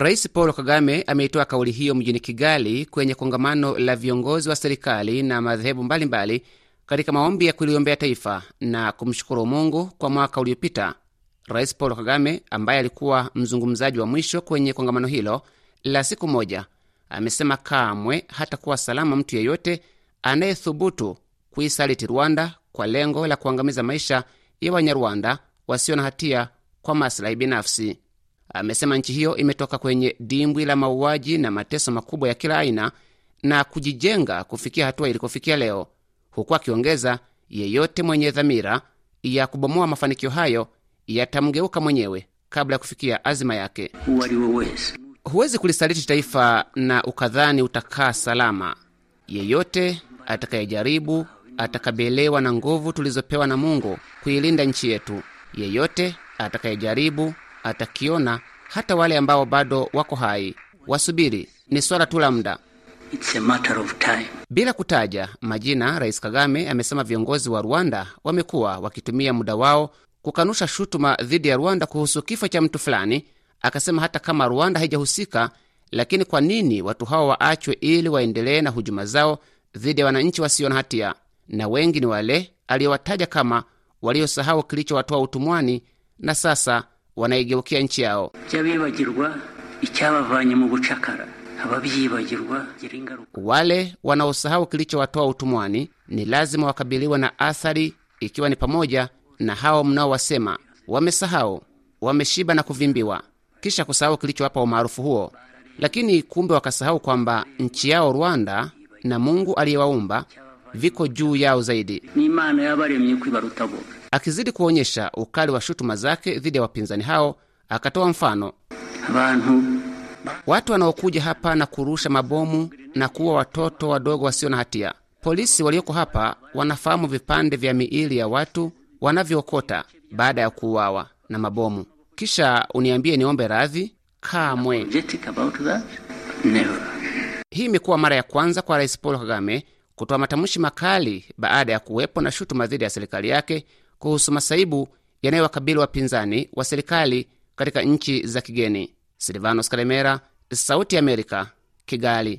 Rais Paul Kagame ameitoa kauli hiyo mjini Kigali kwenye kongamano la viongozi wa serikali na madhehebu mbalimbali katika maombi ya kuliombea taifa na kumshukuru Mungu kwa mwaka uliopita. Rais Paul Kagame ambaye alikuwa mzungumzaji wa mwisho kwenye kongamano hilo la siku moja, amesema kamwe hatakuwa salama mtu yeyote anayethubutu kuisaliti Rwanda kwa lengo la kuangamiza maisha ya Wanyarwanda wasio na hatia kwa maslahi binafsi amesema nchi hiyo imetoka kwenye dimbwi la mauaji na mateso makubwa ya kila aina na kujijenga kufikia hatua ilikofikia leo, huku akiongeza, yeyote mwenye dhamira ya kubomoa mafanikio hayo yatamgeuka mwenyewe kabla ya kufikia azima yake. Huwezi kulisaliti taifa na ukadhani utakaa salama. Yeyote atakayejaribu atakabelewa na nguvu tulizopewa na Mungu kuilinda nchi yetu. Yeyote atakayejaribu atakiona, hata wale ambao bado wako hai wasubiri, ni swala tu la muda. Bila kutaja majina, Rais Kagame amesema viongozi wa Rwanda wamekuwa wakitumia muda wao kukanusha shutuma dhidi ya Rwanda kuhusu kifo cha mtu fulani. Akasema hata kama Rwanda haijahusika, lakini kwa nini watu hao waachwe ili waendelee na hujuma zao dhidi ya wananchi wasio na hatia? Na wengi ni wale aliyowataja kama waliosahau kilichowatoa utumwani na sasa wanaigeukia nchi yao. Wale wanaosahau kilichowatoa utumwani ni lazima wakabiliwe na athari, ikiwa ni pamoja na hao mnaowasema wamesahau, wameshiba na kuvimbiwa, kisha kusahau kilichowapa umaarufu huo, lakini kumbe wakasahau kwamba nchi yao Rwanda na Mungu aliyewaumba viko juu yao zaidi. Ni imana yabaremye kwibaruta Akizidi kuonyesha ukali wa shutuma zake dhidi ya wapinzani hao, akatoa mfano: watu wanaokuja hapa na kurusha mabomu na kuua watoto wadogo wasio na hatia. Polisi walioko hapa wanafahamu vipande vya miili ya watu wanavyookota baada ya kuuawa na mabomu. Kisha uniambie niombe radhi? Kamwe. Hii imekuwa mara ya kwanza kwa Rais Paul Kagame kutoa matamshi makali baada ya kuwepo na shutuma dhidi ya serikali yake kuhusu masaibu yanayowakabili wapinzani wa serikali katika nchi za kigeni. Silvanos Karemera, Sauti ya Amerika, Kigali.